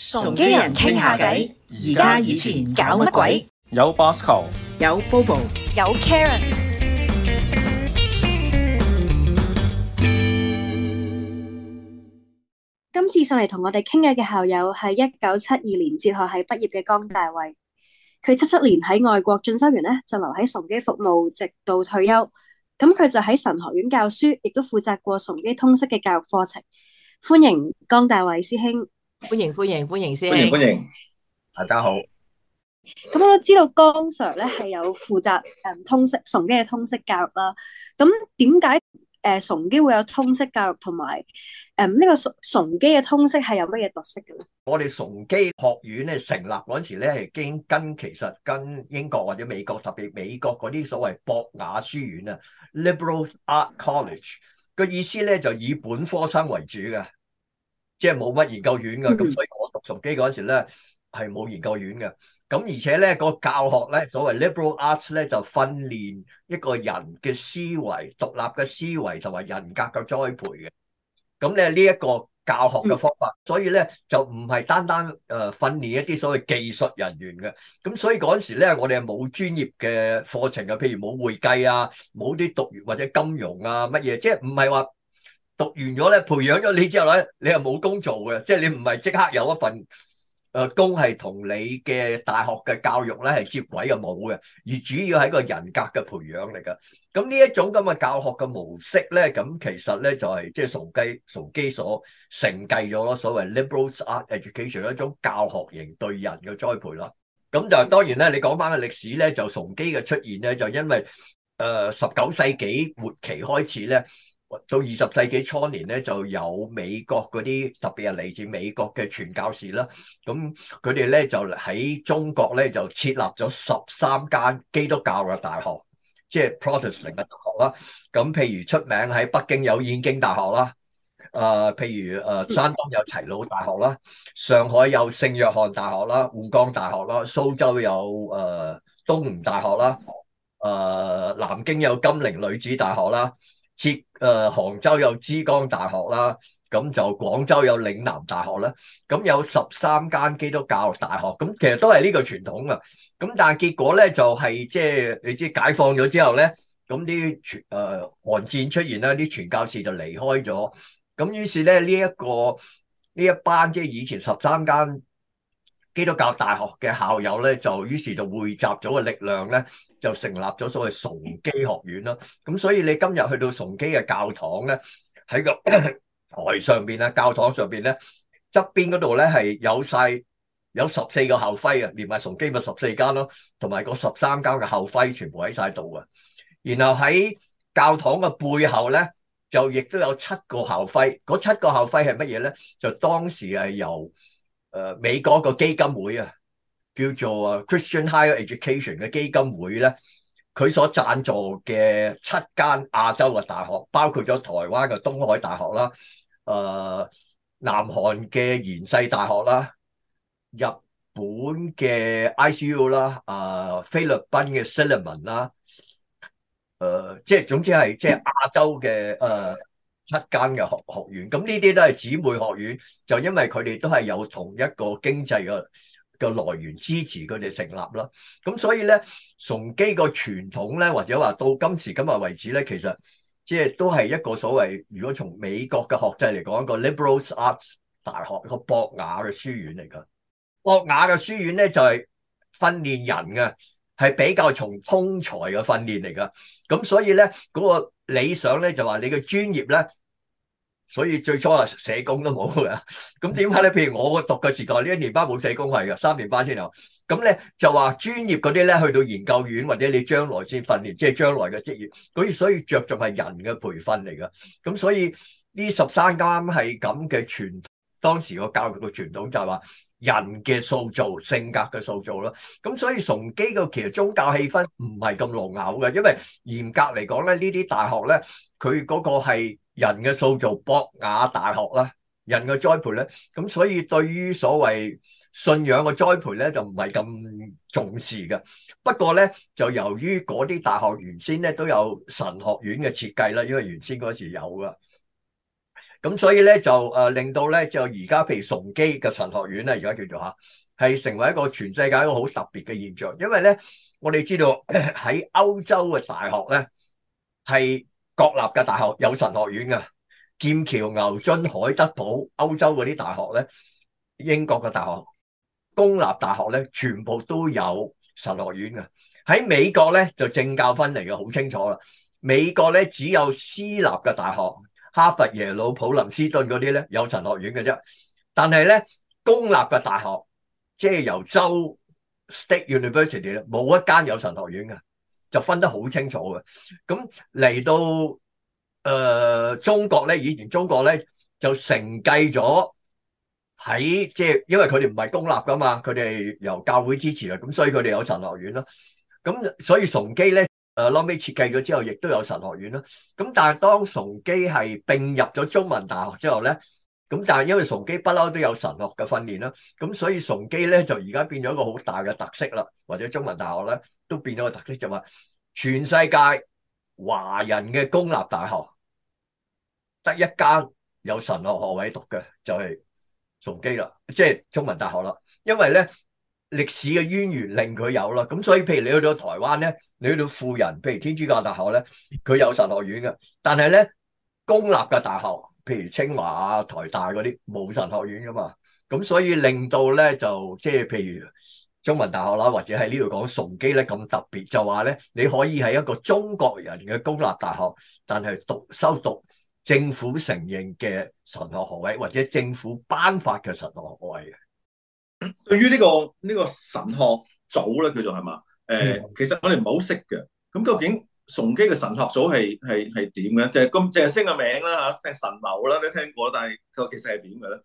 崇基人傾吓偈，而家以前搞乜鬼？有 Bosco，有 Bobo，有 Karen。今次上嚟同我哋傾偈嘅校友係一九七二年哲學系畢業嘅江大惠。佢七七年喺外國進修完呢，就留喺崇基服務，直到退休。咁佢就喺神學院教書，亦都負責過崇基通識嘅教育課程。歡迎江大惠師兄。歡迎歡迎歡迎，先歡迎，歡迎，先歡，迎歡迎，大家好。咁我都知道江 Sir 咧係有負責誒通識崇基嘅通識教育啦。咁點解誒崇基會有通識教育同埋誒呢個崇崇基嘅通識係有乜嘢特色嘅咧？我哋崇基學院咧，成立嗰時咧係經跟其實跟英國或者美國特別美國嗰啲所謂博雅書院啊 （Liberal Art College） 嘅意思咧就以本科生為主嘅。即係冇乜研究院㗎，咁所以我讀崇基嗰時咧係冇研究院嘅。咁而且咧個教學咧，所謂 liberal arts 咧就訓練一個人嘅思維、獨立嘅思維同埋人格嘅栽培嘅。咁咧呢一個教學嘅方法，所以咧就唔係單單誒訓練一啲所謂技術人員嘅。咁所以嗰時咧我哋係冇專業嘅課程嘅，譬如冇會計啊，冇啲讀完或者金融啊乜嘢，即係唔係話。讀完咗咧，培養咗你之後咧，你又冇工做嘅，即係你唔係即刻有一份誒工係同你嘅大學嘅教育咧係接軌嘅，冇嘅，而主要係一個人格嘅培養嚟噶。咁呢一種咁嘅教學嘅模式咧，咁其實咧就係即係崇基，崇基所承繼咗咯，所謂 liberal arts，education 企住一種教學型對人嘅栽培啦。咁就當然咧，你講翻嘅歷史咧，就崇基嘅出現咧，就因為誒十九世紀末期開始咧。到二十世紀初年咧，就有美國嗰啲特別係嚟自美國嘅傳教士啦。咁佢哋咧就喺中國咧就設立咗十三間基督教嘅大學，即係 Protestant 嘅大學啦。咁譬如出名喺北京有燕京大學啦，譬如山東有齊魯大學啦，上海有聖約翰大學啦，滬江大學啦，蘇州有誒、呃、東吳大學啦、呃，南京有金陵女子大學啦，誒、呃，杭州有之江大學啦，咁就廣州有嶺南大學啦，咁有十三間基督教大學，咁其實都係呢個傳統噶，咁但係結果咧就係即係你知解放咗之後咧，咁啲傳誒寒戰出現啦，啲傳教士就離開咗，咁於是咧呢一個呢一班即係、即係、以前十三間基督教大學嘅校友咧，就於是就匯集咗嘅力量咧，就成立咗所謂崇基學院啦。咁所以你今日去到崇基嘅教堂咧，喺個台上邊啊，教堂上邊咧，側邊嗰度咧係有晒有十四個校徽啊，連埋崇基咪十四間咯，同埋嗰十三間嘅校徽全部喺晒度啊。然後喺教堂嘅背後咧，就亦都有七個校徽。嗰七個校徽係乜嘢咧？就當時係由誒、呃，美國個基金會啊，叫做啊 Christian Higher Education 嘅基金會咧，佢所贊助嘅七間亞洲嘅大學，包括咗台灣嘅東海大學啦，誒、呃，南韓嘅延世大學啦，日本嘅 ICU 啦，啊、呃，菲律賓嘅 Silliman 啦，誒、呃，即係總之係即係亞洲嘅誒。呃七間嘅學學院，咁呢啲都係姊妹學院，就因為佢哋都係有同一個經濟嘅嘅來源支持佢哋成立啦。咁所以咧，崇基個傳統咧，或者話到今時今日為止咧，其實即係都係一個所謂，如果從美國嘅學制嚟講，一個 liberal arts 大學，一個博雅嘅書院嚟噶。博雅嘅書院咧就係、是、訓練人嘅，係比較從通才嘅訓練嚟噶。咁所以咧嗰、那個。理想咧就話你嘅專業咧，所以最初啊社工都冇噶，咁點解咧？譬如我讀嘅時代，呢一年班冇社工系㗎，三年班先有。咁咧就話專業嗰啲咧，去到研究院或者你將來先訓練，即係將來嘅職業。咁所以着重係人嘅培訓嚟噶。咁所以呢十三間係咁嘅傳統，當時個教育嘅傳統就係話。人嘅塑造、性格嘅塑造咯，咁所以崇基嘅其實宗教氣氛唔係咁濃厚嘅，因為嚴格嚟講咧，呢啲大學咧，佢嗰個係人嘅塑造，博雅大學啦，人嘅栽培咧，咁所以對於所謂信仰嘅栽培咧，就唔係咁重視嘅。不過咧，就由於嗰啲大學原先咧都有神學院嘅設計啦，因為原先嗰時候有噶。咁所以咧就誒令到咧就而家譬如崇基嘅神學院咧，而家叫做吓，係成為一個全世界一個好特別嘅現象，因為咧我哋知道喺歐洲嘅大學咧係國立嘅大學有神學院嘅，劍橋、牛津、海德堡、歐洲嗰啲大學咧，英國嘅大學公立大學咧，全部都有神學院嘅。喺美國咧就政教分離嘅好清楚啦，美國咧只有私立嘅大學。哈佛、耶魯、普林斯頓嗰啲咧有神學院嘅啫，但係咧公立嘅大學，即係由州 state university 咧冇一間有神學院嘅，就分得好清楚嘅。咁嚟到誒中國咧，以前中國咧就承繼咗喺即係，因為佢哋唔係公立噶嘛，佢哋由教會支持嘅，咁所以佢哋有神學院咯。咁所以崇基咧。誒，後屘設計咗之後，亦都有神學院啦。咁但係當崇基係並入咗中文大學之後咧，咁但係因為崇基不嬲都有神學嘅訓練啦，咁所以崇基咧就而家變咗一個好大嘅特色啦，或者中文大學咧都變咗個特色，就話全世界華人嘅公立大學得一間有神學學位讀嘅就係崇基啦，即係中文大學啦，因為咧，歷史嘅淵源令佢有啦，咁所以譬如你去到台灣咧，你去到輔仁，譬如天主教大學咧，佢有神學院嘅，但係咧公立嘅大學，譬如清華啊、台大嗰啲冇神學院噶嘛，咁所以令到咧就即係譬如中文大學啦，或者喺呢度講崇基咧咁特別，就話咧你可以喺一個中國人嘅公立大學，但係讀修讀政府承認嘅神學學位或者政府頒發嘅神學學位嘅。對於呢、這個呢、這個神學組咧，叫做係嘛？誒、呃，其實我哋唔好識嘅。咁究竟崇基嘅神學組係係係點嘅？就係咁淨係嘅名啦，吓，聲神謀啦，都聽過。但係佢其實係點嘅咧？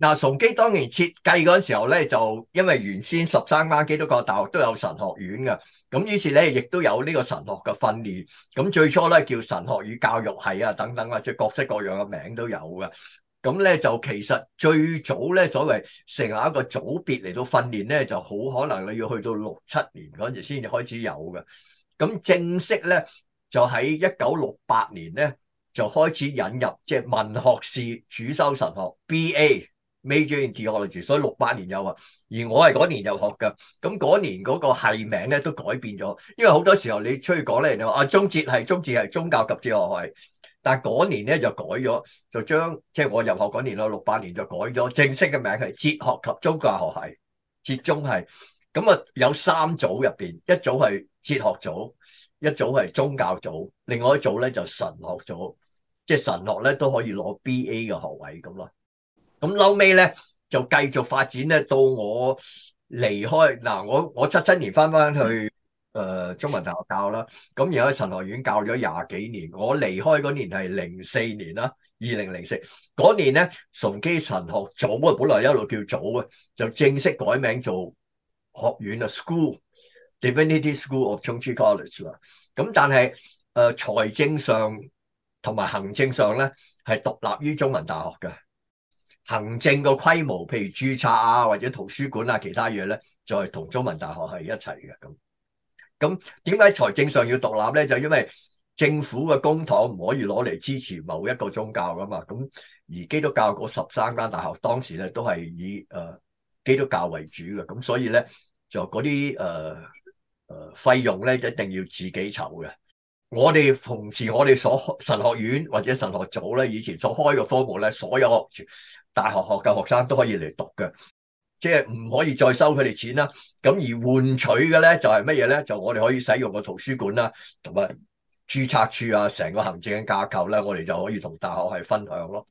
嗱、嗯，崇基當年設計嗰陣時候咧，就因為原先十三間基督教大學都有神學院嘅，咁於是咧亦都有呢個神學嘅訓練。咁最初咧叫神學與教育系啊等等啊，即係各式各樣嘅名都有嘅。咁咧就其實最早咧所謂成一個組別嚟到訓練咧就好可能你要去到六七年嗰陣時先至開始有嘅。咁正式咧就喺一九六八年咧就開始引入即係文學士主修神學 B.A. major in theology，所以六八年有啊。而我係嗰年有學㗎，咁嗰年嗰個系名咧都改變咗，因為好多時候你出去講咧，你就話啊，宗哲系，宗哲係宗教及哲學系。但係嗰年咧就改咗，就將即係我入學嗰年啦，六八年就改咗正式嘅名係哲學及宗教學係，哲中係咁啊有三組入面，一組係哲學組，一組係宗教組，另外一組咧就神學組，即係神學咧都可以攞 B.A. 嘅學位咁啦咁後尾咧就繼續發展咧到我離開嗱，我我七七年翻返去。誒、呃、中文大學教啦，咁然後喺神學院教咗廿幾年，我離開嗰年係零四年啦，二零零四嗰年咧，崇基神學組，啊，本來一路叫組，就正式改名做學院啦，School Divinity School of Chung Chi College 啦。咁但係誒財政上同埋行政上咧，係獨立於中文大學嘅。行政個規模，譬如註冊啊，或者圖書館啊，其他嘢咧，就係、是、同中文大學係一齊嘅咁。咁點解財政上要獨立咧？就因為政府嘅公帑唔可以攞嚟支持某一個宗教噶嘛。咁而基督教嗰十三間大學當時咧都係以、呃、基督教為主嘅，咁所以咧就嗰啲誒誒費用咧一定要自己籌嘅。我哋凡是我哋所神學院或者神學組咧，以前所開嘅科目咧，所有大學學嘅學生都可以嚟讀嘅。即係唔可以再收佢哋錢啦，咁而換取嘅咧就係乜嘢咧？就我哋可以使用個圖書館啦，同埋註冊處啊，成個行政嘅架構咧，我哋就可以同大學係分享咯。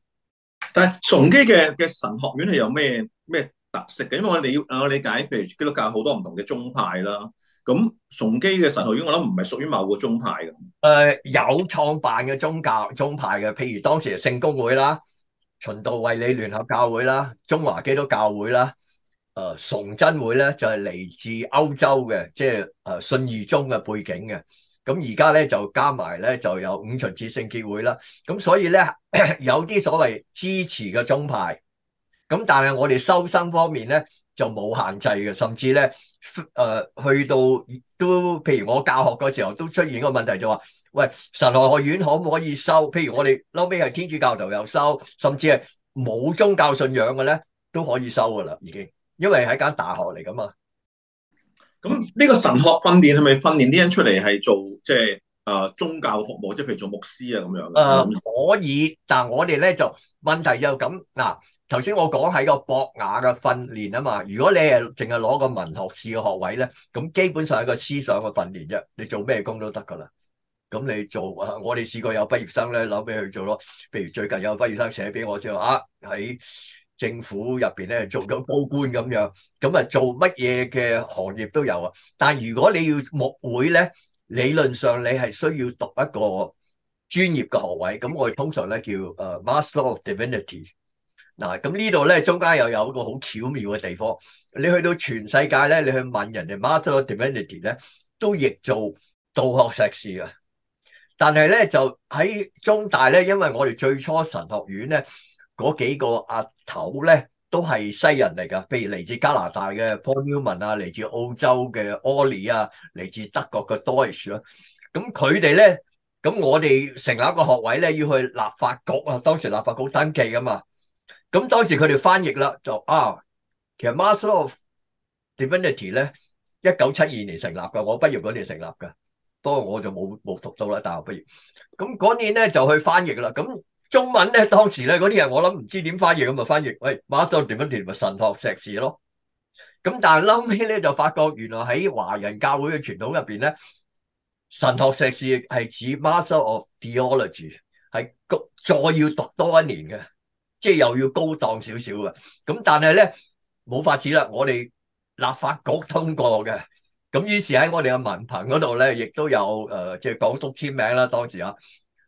但係崇基嘅嘅神學院係有咩咩特色嘅？因為我哋要我理解，譬如基督教好多唔同嘅宗派啦，咁崇基嘅神學院我諗唔係屬於某個宗派嘅。誒、呃、有創辦嘅宗教宗派嘅，譬如當時係聖公會啦、循道衛理聯合教會啦、中華基督教會啦。誒，崇真會咧就係嚟自歐洲嘅，即係誒信義宗嘅背景嘅。咁而家咧就加埋咧就有五旬節聖潔會啦。咁所以咧有啲所謂支持嘅宗派，咁但係我哋收生方面咧就冇限制嘅，甚至咧誒、呃、去到都譬如我教學嗰時候都出現個問題就話、是：喂，神學院可唔可以收？譬如我哋後尾係天主教徒又收，甚至係冇宗教信仰嘅咧都可以收㗎啦，已經。因為係間大學嚟噶嘛，咁呢個神學訓練係咪訓練啲人出嚟係做即係誒宗教服務，即係譬如做牧師啊咁樣？誒、呃、可以，但係我哋咧就問題就咁嗱，頭先我講喺個博雅嘅訓練啊嘛。如果你係淨係攞個文學士嘅學位咧，咁基本上係個思想嘅訓練啫。你做咩工都得噶啦。咁你做誒、啊，我哋試過有畢業生咧攞俾佢做咯，譬如最近有畢業生寫俾我，之後啊喺政府入面咧做咗高官咁樣，咁啊做乜嘢嘅行業都有啊！但如果你要牧會咧，理論上你係需要讀一個專業嘅學位，咁我哋通常咧叫 Master of Divinity。嗱、啊，咁呢度咧中間又有一個好巧妙嘅地方，你去到全世界咧，你去問人哋 Master of Divinity 咧，都譯做道學碩士啊！但係咧就喺中大咧，因為我哋最初神學院咧。嗰幾個阿頭咧都係西人嚟㗎，譬如嚟自加拿大嘅 Paul Newman 啊，嚟自澳洲嘅 Ollie 啊，嚟自德國嘅 Doris 啊，咁佢哋咧，咁我哋成立一個學位咧，要去立法局啊，當時立法局登記㗎嘛。咁當時佢哋翻譯啦，就啊，其實 Master of Divinity 咧，一九七二年成立㗎，我畢業嗰年成立㗎，不過我就冇冇讀到啦，大學畢業。咁嗰年咧就去翻譯啦，咁。中文咧，當時咧嗰啲人，我諗唔知點翻譯咁咪翻譯，喂，master degree 咪神學碩士咯。咁但係嬲尾咧就發覺，原來喺華人教會嘅傳統入邊咧，神學碩士係指 master of theology，係再要讀多一年嘅，即係又要高檔少少嘅。咁但係咧冇法子啦，我哋立法局通過嘅。咁於是喺我哋嘅文憑嗰度咧，亦都有誒、呃、即係港督簽名啦。當時啊。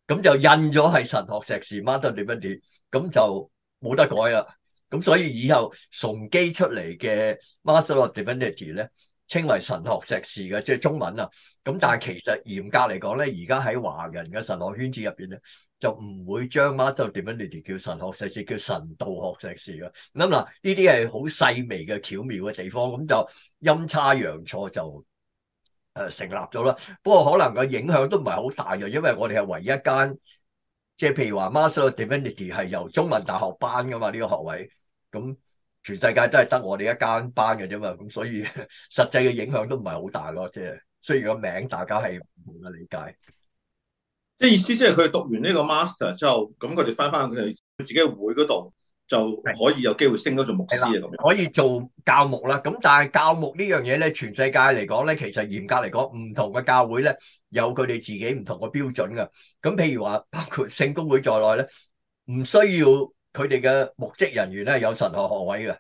咁就印咗係神學碩士 Master of Divinity 咁就冇得改啦。咁所以以後崇基出嚟嘅 Master of Divinity 咧，稱為神學碩士嘅，即係中文啊。咁但係其實嚴格嚟講咧，而家喺華人嘅神學圈子入面咧，就唔會將 Master of Divinity 叫神學碩士，叫神道學碩士嘅。咁嗱，呢啲係好細微嘅巧妙嘅地方，咁就陰差陽錯就。誒，成立咗啦，不過可能個影響都唔係好大嘅，因為我哋係唯一一間，即係譬如話 Master of Divinity 係由中文大學頒噶嘛呢個學位，咁全世界都係得我哋一間頒嘅啫嘛，咁所以實際嘅影響都唔係好大咯，即係雖然個名大家係唔同嘅理解，即係意思即係佢讀完呢個 master 之後，咁佢哋翻翻佢自己嘅會嗰度就可以有機會升咗做牧師啊，咁樣可以做教牧啦。咁但係教牧呢樣嘢咧，全世界嚟講咧，其實嚴格嚟講，唔同嘅教會咧，有佢哋自己唔同嘅標準嘅。咁譬如話，包括聖公會在內咧，唔需要佢哋嘅牧職人員咧有神學學位嘅。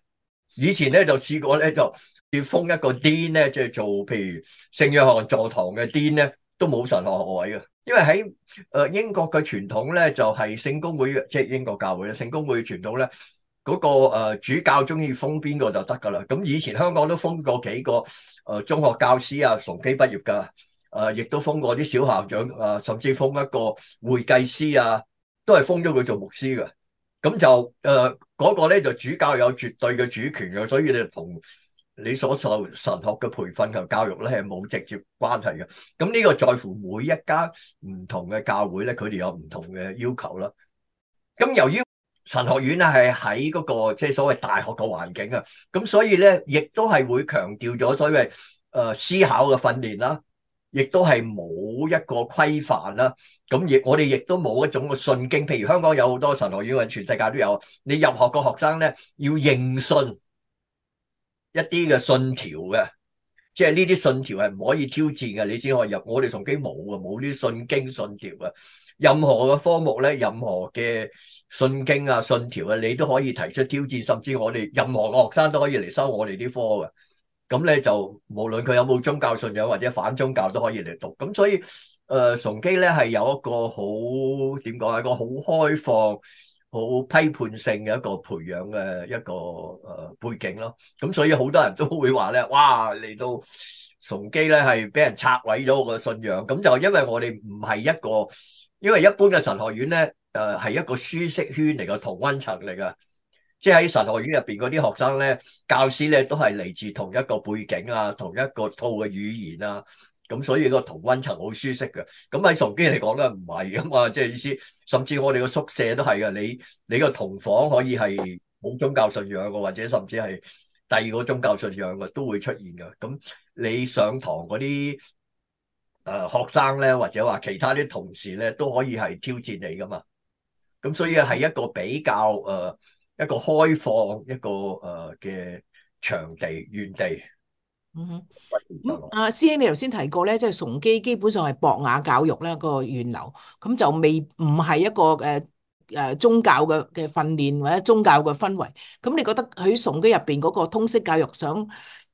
以前咧就試過咧，就要封一個 Dean 咧，即係做譬如聖約翰座堂嘅 Dean 咧，都冇神學學位嘅。因為喺誒英國嘅傳統咧，就係聖公會，即係英國教會咧，聖公會傳統咧，嗰個誒主教中意封邊個就得噶啦。咁以前香港都封過幾個誒中學教師啊，崇基畢業噶，誒亦都封過啲小校長啊，甚至封一個會計師啊，都係封咗佢做牧師噶。咁就誒嗰個咧就主教有絕對嘅主權嘅，所以你同。你所受神學嘅培訓同教育咧，係冇直接關係嘅。咁呢個在乎每一家唔同嘅教會咧，佢哋有唔同嘅要求啦。咁由於神學院啊，係喺嗰個即係所謂大學嘅環境啊，咁所以咧，亦都係會強調咗所謂誒思考嘅訓練啦，亦都係冇一個規範啦。咁亦我哋亦都冇一種嘅信經。譬如香港有好多神學院，全世界都有。你入學個學生咧，要認信，一啲嘅信條嘅，即係呢啲信條係唔可以挑戰嘅，你先可以入。我哋崇基冇嘅，冇啲信經信條嘅。任何嘅科目咧，任何嘅信經啊、信條啊，你都可以提出挑戰，甚至我哋任何嘅學生都可以嚟收我哋啲科嘅。咁咧就無論佢有冇宗教信仰或者反宗教，都可以嚟讀。咁所以，誒、呃、崇基咧係有一個好，點講，係一個好開放。好批判性嘅一個培養嘅一個誒背景咯，咁所以好多人都會話咧，哇，嚟到崇基咧係俾人拆毀咗我嘅信仰。咁就因為我哋唔係一個，因為一般嘅神學院咧誒係一個舒適圈嚟嘅，同溫層嚟噶即係喺神學院入邊嗰啲學生咧，教師咧都係嚟自同一個背景啊，同一個套嘅語言啊。咁所以個同溫層好舒適嘅，咁喺崇基嚟講咧唔係㗎嘛，即係意思，甚至我哋個宿舍都係㗎。你你個同房可以係冇宗教信仰嘅，或者甚至係第二個宗教信仰嘅都會出現㗎。咁你上堂嗰啲誒學生咧，或者話其他啲同事咧，都可以係挑戰你噶嘛。咁所以係一個比較誒、呃、一個開放一個誒嘅、呃、場地園地。嗯哼，咁阿師兄你頭先提過咧，即係崇基基本上係博雅教育啦，個源流咁就未唔係一個誒誒呃宗教嘅嘅訓練或者宗教嘅氛圍。咁你覺得喺崇基入邊嗰個通識教育想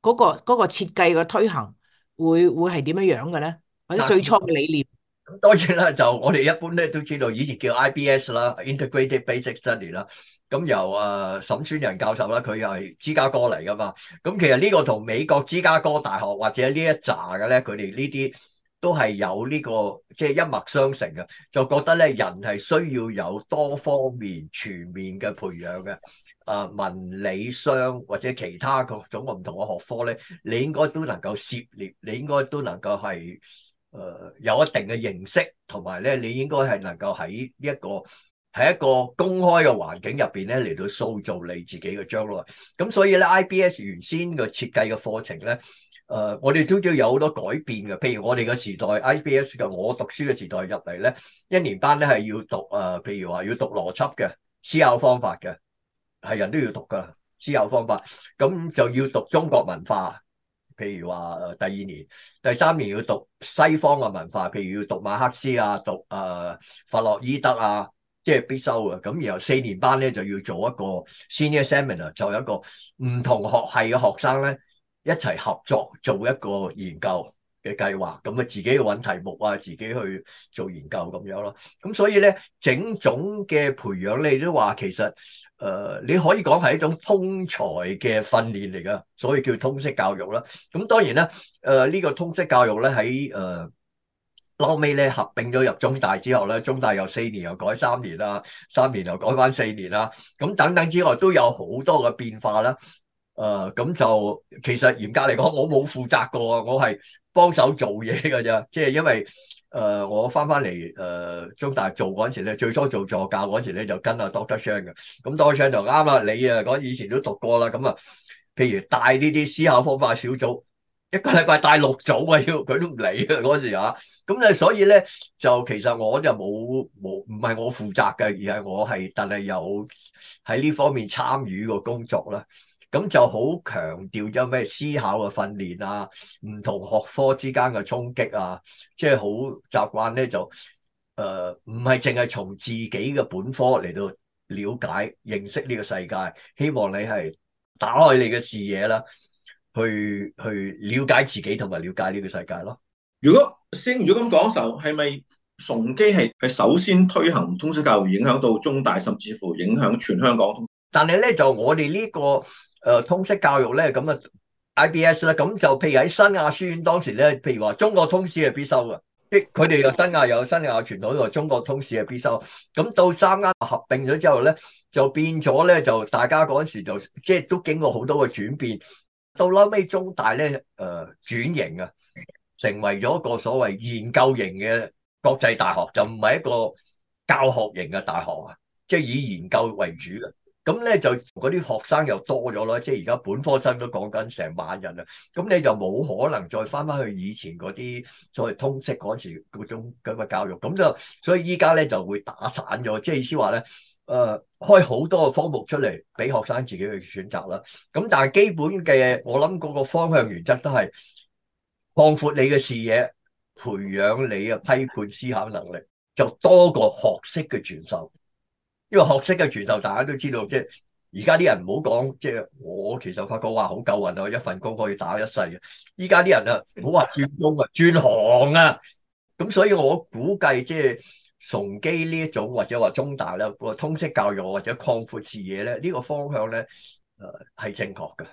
嗰個嗰個設計嘅推行會會係點樣樣嘅咧？或者最初嘅理念？咁當然啦，就我哋一般咧都知道，以前叫 IBS 啦，Integrated Basic Study 啦。咁由啊沈宣仁教授啦，佢又係芝加哥嚟噶嘛。咁其實呢個同美國芝加哥大學或者呢一扎嘅咧，佢哋呢啲都係有呢、這個即係、就是、一脈相承嘅。就覺得咧，人係需要有多方面全面嘅培養嘅。啊，文理商或者其他各種唔同嘅學科咧，你應該都能夠涉獵，你應該都能夠係。誒有一定嘅認識，同埋咧，你應該係能夠喺一個喺一個公開嘅環境入邊咧，嚟到塑造你自己嘅將來。咁所以咧，IBS 原先嘅設計嘅課程咧，誒，我哋都都有好多改變嘅。譬如我哋嘅時代，IBS 嘅我讀書嘅時代入嚟咧，一年班咧係要讀誒、呃，譬如話要讀邏輯嘅思考方法嘅，係人都要讀啦，思考方法。咁就要讀中國文化。譬如話誒第二年、第三年要讀西方嘅文化，譬如要讀馬克思啊、讀呃、弗洛伊德啊，即係必修嘅。咁然後四年班咧就要做一個 senior seminar，就一個唔同學系嘅學生咧，一齊合作做一個研究。嘅計劃，咁啊自己去揾題目啊，自己去做研究咁樣咯。咁所以咧，整種嘅培養，你都話其實誒、呃，你可以講係一種通才嘅訓練嚟噶，所以叫通識教育啦。咁當然啦，誒、呃、呢、呢個通識教育咧喺誒後尾咧，合併咗入中大之後咧，中大又四年又改三年啦，三年又改翻四年啦，咁等等之外都有好多嘅變化啦。誒、呃，咁就其實嚴格嚟講，我冇負責過，我係幫手做嘢噶咋。即、就、係、是、因為誒、呃，我翻翻嚟誒中大做嗰陣時咧，最初做助教嗰陣時咧，時就跟阿 Doctor Shen 嘅。咁 Doctor Shen 就啱啦，你啊講以前都讀過啦，咁啊，譬如帶呢啲思考方法小組，一個禮拜帶六組啊，要佢都唔理嘅嗰陣時啊。咁就所以咧，就其實我就冇冇唔係我負責嘅，而係我係但係有喺呢方面參與個工作啦。咁就好強調咗咩思考嘅訓練啊，唔同學科之間嘅衝擊啊，即係好習慣咧就誒、是，唔係淨係從自己嘅本科嚟到了解認識呢個世界，希望你係打開你嘅視野啦，去去了解自己同埋了解呢個世界咯。如果先如果咁講，就係咪崇基係係首先推行通識教育，影響到中大，甚至乎影響全香港？但係咧就我哋呢、這個。通識教育咧，咁啊 IBS 啦，咁就譬如喺新亞書院當時咧，譬如話中國通史係必修嘅，即佢哋又新亞又有新亞，有新亞傳統，又中國通史係必修。咁到三間合併咗之後咧，就變咗咧，就大家嗰陣時就即都經過好多個轉變。到撈尾中大咧，誒、呃、轉型啊，成為咗一個所謂研究型嘅國際大學，就唔係一個教學型嘅大學啊，即係以研究為主嘅。咁咧就嗰啲學生又多咗咯，即係而家本科生都講緊成萬人啊！咁你就冇可能再翻翻去以前嗰啲所謂通識嗰時嗰種嗰個教育，咁就所以依家咧就會打散咗，即意思話咧，誒、呃、開好多個科目出嚟俾學生自己去選擇啦。咁但係基本嘅，我諗嗰個方向原則都係擴闊你嘅視野，培養你嘅批判思考能力，就多過學識嘅傳授。呢個學識嘅傳授，大家都知道。即係而家啲人唔好講，即係我其實發覺哇，好夠運啊，一份工作可以打一世嘅。依家啲人啊，唔好話轉工啊，轉行啊。咁所以我估計即係崇基呢一種或者話中大咧，個通識教育或者擴闊視野咧，呢、這個方向咧，誒係正確嘅。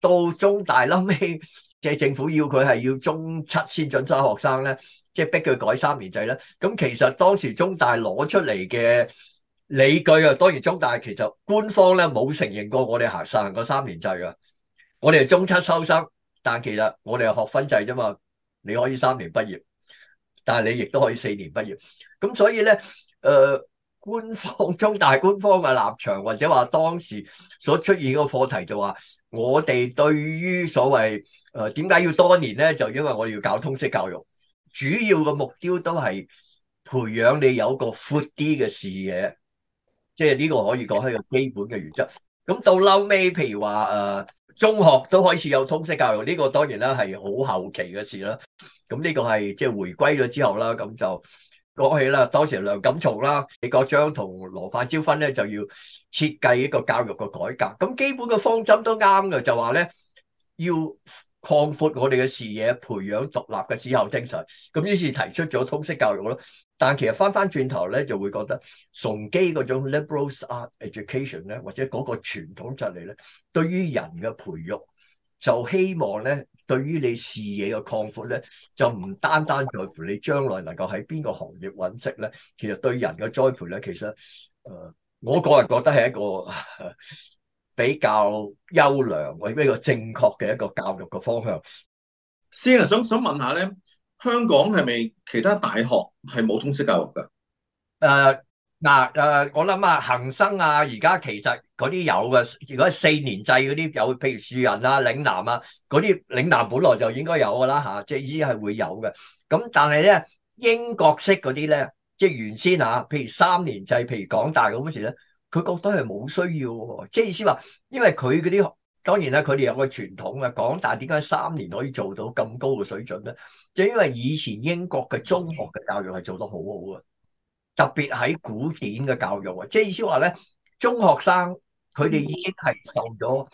到中大諗起，即係政府要佢係要中七先進生學生咧，即、就、係、是、逼佢改三年制咧。咁其實當時中大攞出嚟嘅理據啊，當然中大，大其實官方咧冇承認過我哋行實行個三年制㗎。我哋係中七收生，但其實我哋係學分制啫嘛。你可以三年畢業，但你亦都可以四年畢業。咁所以咧，誒、呃，官方中大官方嘅立場，或者話當時所出現個課題就話，我哋對於所謂誒點解要多年咧，就因為我要搞通識教育，主要嘅目標都係培養你有個闊啲嘅視野。即係呢個可以講係個基本嘅原則。咁到嬲尾，譬如話中學都開始有通識教育，呢個當然啦係好後期嘅事啦。咁呢個係即係回歸咗之後啦，咁就講起啦。當時梁錦松啦、李國章同羅范椒分羅范椒芬咧就要設計一個教育嘅改革。咁基本嘅方針都啱嘅，就話咧要擴闊我哋嘅視野，培養獨立嘅思考精神。咁於是提出咗通識教育咯。但其實翻翻轉頭咧，就會覺得崇基嗰種 liberal art education 咧，或者嗰個傳統哲理咧，對於人嘅培育，就希望咧，對於你視野嘅擴闊咧，就唔單單在乎你將來能夠喺邊個行業揾職咧。其實對人嘅栽培咧，其實，我個人覺得係一個比較優良或者一個正確嘅一個教育嘅方向先。先想想問下咧。香港係咪其他大學係冇通識教育噶？誒、呃，嗱，誒，我諗啊，恒生啊，而家其實嗰啲有嘅，如果係四年制嗰啲有，譬如樹人啊、嶺南啊，嗰啲嶺南本來就應該有噶啦吓，即係依係會有嘅。咁、啊、但係咧，英國式嗰啲咧，即係原先吓、啊，譬如三年制，譬如港大咁嗰時咧，佢覺得係冇需要喎，即係意思話，因為佢嗰啲當然啦，佢哋有個傳統啊，港大點解三年可以做到咁高嘅水準咧？即因為以前英國嘅中學嘅教育係做得好好嘅，特別喺古典嘅教育啊，即係意思話咧，中學生佢哋已經係受咗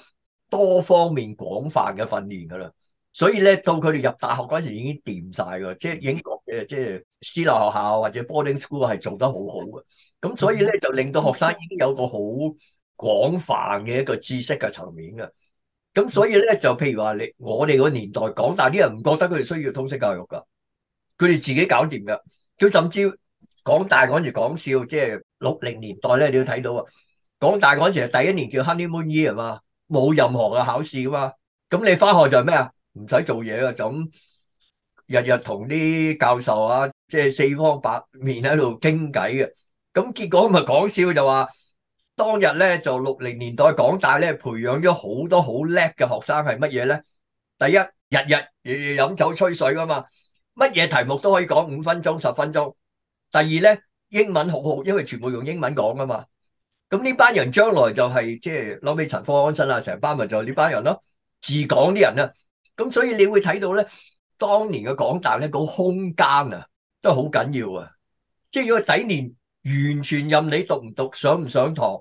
多方面廣泛嘅訓練噶啦，所以咧，到佢哋入大學嗰陣時已經掂曬噶，即係英國嘅即係私立學校或者 boarding school 係做得好好嘅，咁所以咧就令到學生已經有個好廣泛嘅一個知識嘅層面啊。咁所以咧就譬如話你，我哋個年代港大啲人唔覺得佢哋需要通識教育噶，佢哋自己搞掂㗎。佢甚至港大嗰陣時講笑，即係六零年代咧，你都睇到啊，港大嗰陣時第一年叫 Honey Moon Year 嘛，冇任何嘅考試噶嘛，咁你翻學就係咩啊？唔使做嘢啊。就咁日日同啲教授啊，即係四方八面喺度傾偈嘅。咁結果咪講笑就話。當日咧就六零年代港大咧，培養咗好多好叻嘅學生係乜嘢咧？第一，日日日日飲酒吹水噶嘛，乜嘢題目都可以講五分鐘十分鐘。第二咧英文好好，因為全部用英文講噶嘛。咁呢班人將來就係即係攞俾陳方安生啊，成班咪就係呢班人咯，自港啲人啦。咁所以你會睇到咧，當年嘅港大咧，個空間啊都好緊要啊，即係個底念。完全任你讀唔讀，上唔上堂，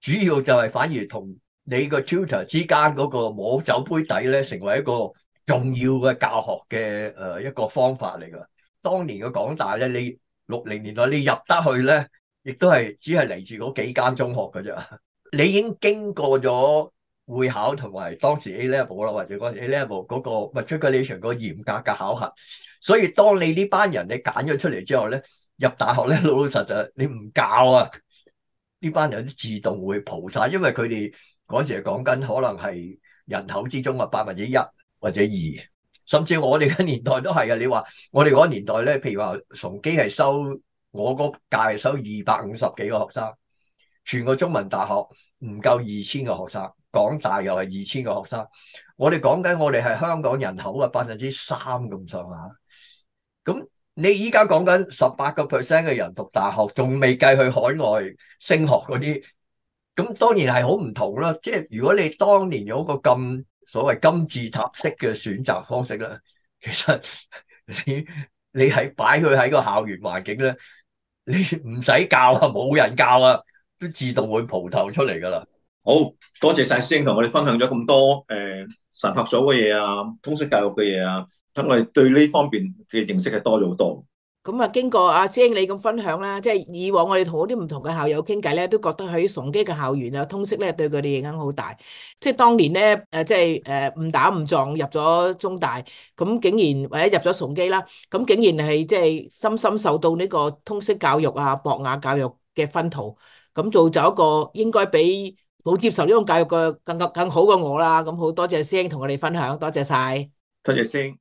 主要就係反而同你個 tutor 之間嗰個摸酒杯底咧，成為一個重要嘅教學嘅誒一個方法嚟噶當年嘅港大咧，你六零年代你入得去咧，亦都係只係嚟自嗰幾間中學噶啫。你已經經過咗會考同埋當時 A level 啦，或者嗰時 A level 嗰個 matriculation 個嚴格嘅考核，所以當你呢班人你揀咗出嚟之後咧。入大學咧，老老實實，你唔教啊，呢班人都自動會蒲晒，因為佢哋嗰時係講緊可能係人口之中嘅百分之一或者二，甚至我哋嘅年代都係啊。你話我哋嗰年代咧，譬如話崇基係收我個屆係收二百五十幾個學生，全個中文大學唔夠二千個學生，港大又係二千個學生，我哋講緊我哋係香港人口嘅百分之三咁上下，咁。你依家講緊十八個 percent 嘅人讀大學，仲未計去海外升學嗰啲，咁當然係好唔同啦。即係如果你當年有個咁所謂金字塔式嘅選擇方式咧，其實你你喺擺佢喺個校園環境咧，你唔使教啊，冇人教啊，都自動會蒲頭出嚟㗎啦。好多謝晒師兄同我哋分享咗咁多誒。呃神學院嘅嘢啊，通識教育嘅嘢啊，等我哋對呢方面嘅認識係多咗好多。咁啊，經過阿師兄你咁分享啦，即係以往我哋同嗰啲唔同嘅校友傾偈咧，都覺得喺崇基嘅校園啊，通識咧對佢哋影響好大。即係當年咧，誒即係誒誤打誤撞入咗中大，咁竟然或者入咗崇基啦，咁竟然係即係深深受到呢個通識教育啊、博雅教育嘅薰陶，咁做咗一個應該俾好接受呢種教育嘅，更加更好嘅我啦。咁好多謝師兄同我哋分享，多謝晒，多謝師兄。